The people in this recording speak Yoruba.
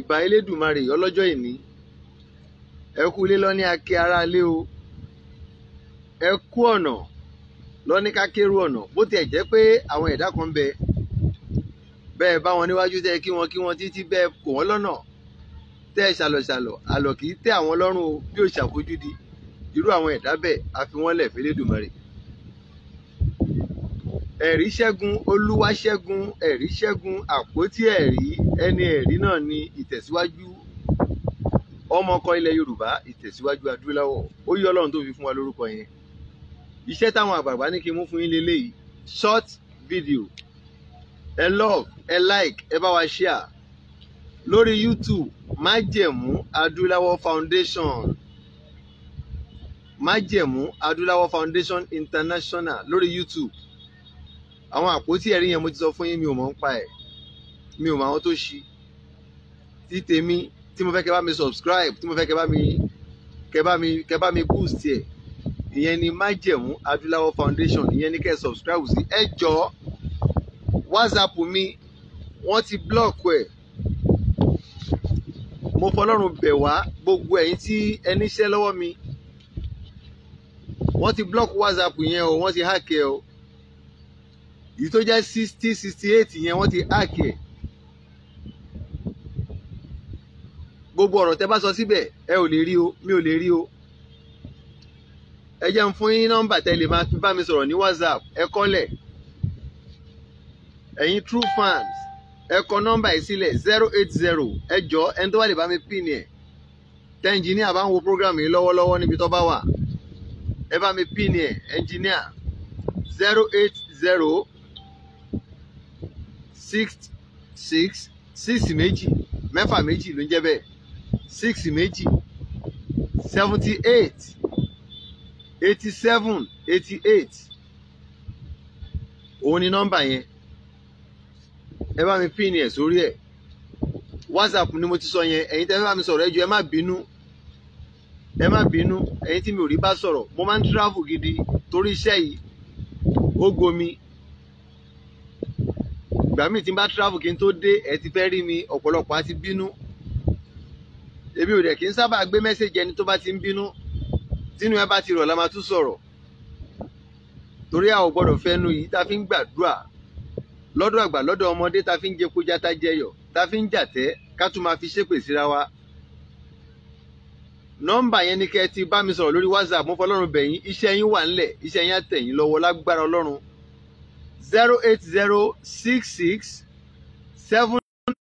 ìbà elédùnmarè ọlọ́jọ́ ìní ẹ kú ilé lọ́ní akẹ́ ara ilé o ẹ kú ọ̀nà lọ́ní kákérú ọ̀nà bó tiẹ̀ jẹ́ pé àwọn ẹ̀dá kan bẹ bẹ́ẹ̀ bá wọn níwájú tẹ́ kí wọn kí wọn títí bẹ́ẹ̀ kò wọ́n lọ́nà tẹ́ ṣàlọ̀ṣàlọ̀ àlọ́ kì tẹ́ àwọn lọ́rùn o bí ó ṣàfojúdi irú àwọn ẹ̀dá bẹ́ẹ̀ a wọ́n lẹ̀ fẹ́lẹ́dùnmarè ẹ̀rí ṣẹ́gun olúwaṣẹ́gun ẹ̀rí ṣẹ́gun àpótí ẹ̀rí ẹni ẹ̀rí náà ni ìtẹ̀síwájú ọmọkọ ilẹ̀ yorùbá ìtẹ̀síwájú adúláwọ̀ ó yí ọlọ́run tó fi fún wa lórúkọ yẹn iṣẹ́ táwọn àgbààgbà ní kí n mú fún yín lélẹ́yìí short video ẹ love ẹ like ẹ bá wa share lórí youtube májẹ̀mú adúláwọ̀ foundation májẹ̀mú adúláwọ̀ foundation international lórí youtube àwọn àpótí ẹ̀rí yẹn mo ti sọ fún yín mi ò mọ̀ ń pa ẹ̀ mi ò mọ̀ àwọn tó ṣí tí tèmi tí mo fẹ́ kẹ́ bá mi subscribe tí mo fẹ́ kẹ́ bá mi kẹ́ bá mi kẹ́ bá mi boost ẹ̀ ìyẹn ni májẹ̀mú adúláwọ̀ foundation ìyẹn ni kẹ́ ẹ subscribe sí ẹ jọ whatsapp mi wọ́n ti block ẹ̀ mo fọlọ́run bẹ̀ wá gbogbo ẹ̀yin tí ẹ níṣẹ́ lọ́wọ́ mi wọ́n ti block whatsapp yẹn o wọ́n ti hack ẹ o èyí tó jẹ́ sixty sixty eight yẹn wọ́n ti hack ẹ̀ gbogbo ọ̀rọ̀ tẹ́ bá sọ síbẹ̀ ẹ ò lè rí o mi ò lè rí o ẹ jẹ́ n fún yín nọ́mbà tẹ́ lè máa fi bá mi sọ̀rọ̀ ní whatsapp ẹ kọ́lẹ̀ ẹ̀yin true fans ẹ kọ nọ́mbà yìí sílẹ̀ zero eight zero ẹ jọ ẹni tó bá lè bá mi pín ẹ̀ tẹ́ ẹnjìníà bá ń wo program yìí lọ́wọ́lọ́wọ́ níbi tó bá wà ẹ bá mi pin ẹ̀ Engineer. zero eight zero six six six méjì mẹ́fà méjì ló ń jẹ́ bẹ́ẹ̀ six méjì seventy eight eighty seven eighty eight òun ni nọ́mbà yẹn ẹ bá mi pín ní ẹ̀ sórí ẹ̀ whatsapp ni mo ti sọ yẹn ẹ̀yin tẹ́ fẹ́ bá mi sọ̀rọ̀ ẹ jọ̀ọ́ ẹ má bínú ẹ má bínú ẹ̀yin tí mi ò rí bá sọ̀rọ̀ mo máa ń travel gidi torí iṣẹ́ yìí ó gomi ìgbà míì tí n bá travel kí n tó dé ẹ ti fẹ́ rí mi ọ̀pọ̀lọpọ̀ á ti bínú èmi ò dẹ̀ kí n sábà gbé mẹ́sẹ̀jì ẹni tó bá ti ń bínú tínú ẹ bá ti rọ̀ la máa tún sọ̀rọ̀ torí àwọn gbọ́dọ̀ fẹ́nu yìí tá fi ń gbàdúrà lọ́dọ̀ àgbà lọ́dọ̀ ọmọdé tá fi ń jẹ kójátá jẹyọ̀ tá fi ń jàtẹ́ ká tún máa fi ṣépè síra wa nọ́mbà yẹn ni kẹ́ ti bá mi sọ̀rọ̀ lórí WhatsApp mo fọlọ́run bẹ̀yìn iṣẹ́ yín wà ńlẹ̀ iṣẹ́ yín á tẹ̀yìn lọ́wọ́ lágbára Ọlọ́run zero eight zero six six seven.